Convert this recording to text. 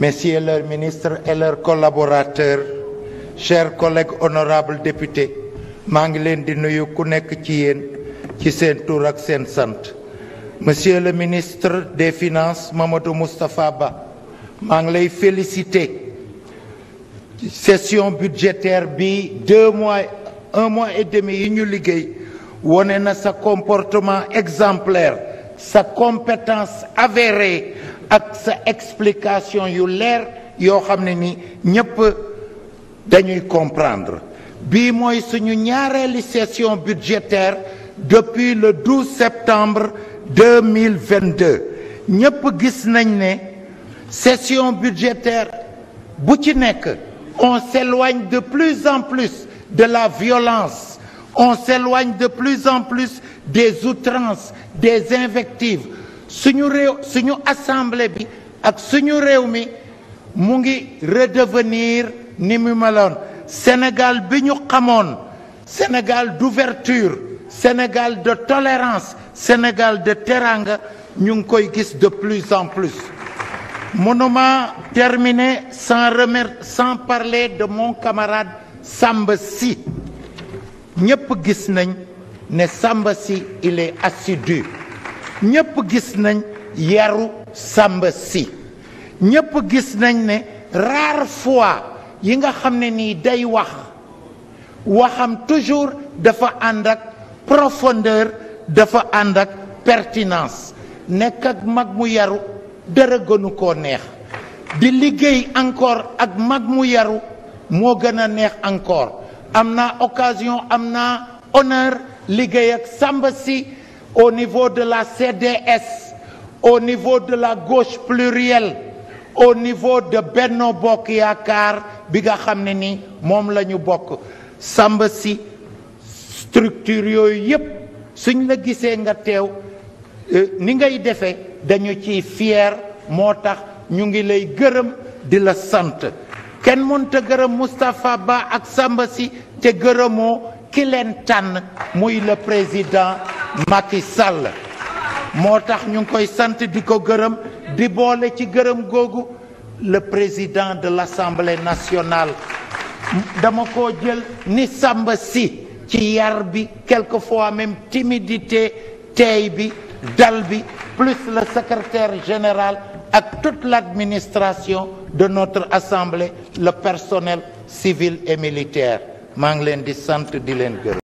messieurs leurs ministres et leurs collaborateurs chers collègues honorables députés maa ngi leen di nuyu ku nekk ci yéen ci seen tour ak seen sant monsieur le ministre des finances Mamadou Moustapha Ba maa ngi lay féliciter session budgétaire bi deux mois un mois et demi yi ñu liggéey wone na sa comportement exemplaire sa compétence avérée ak sa explication yu leer yoo xam ne ni ñëpp dañuy comprendre bii mooy suñu ñaareeli session budgétaire depuis le 12 septembre 2022 ñëpp gis nañ ne session budgétaire bu ci nekk on s'éloigne de plus en plus de la violence on s'éloigne de plus en plus des outrances des invectives suñu réew suñu assemblée bi ak suñu réew mi mu ngi redevenir ni mu meloon Sénégal bi ñu xamoon Sénégal d'ouverture Sénégal de tolérance Sénégal de teraanga ñu ngi koy gis de plus en plus mënuma terminer sans remer sans parler de mon camarade Samba Sy ñépp gis nañ ne sàmba si il est assidu ñépp gis nañ yaru Samba si ñépp gis nañ ne rare fois yi nga xam ne nii day wax waxam toujours dafa ànd ak profondeur dafa ànd ak pertinence nekk ak mag mu yaru dara gënu ko neex di liggéey encore ak mag mu yaru moo gën a neex encore am naa occasion am naa honneur liggéey ak Samba si au niveau de la CDS au niveau de la gauche plurielle au niveau de Benno Bokk Yaakaar bi nga xam ne ni moom la ñu bokk sàmb si structure yooyu yépp suñ la gisee nga teew euh, ni ngay defee dañu ci fier moo tax ñu ngi lay gërëm di la sant kenn mënta gërëm Moustapha Ba ak sàmb si te gërëmoo ki leen tànn muy le président Macky Sall moo tax ñu ngi koy sant di ko gërëm di boole ci gërëm googu le président de l'Assemblée nationale dama ko jël ni sàmba si ci yar bi fois même timidité teey bi dal bi plus le secretaire général ak toute l'administration de notre assemblée le personnel civil et militaire maa ngi leen di sant di leen gërëm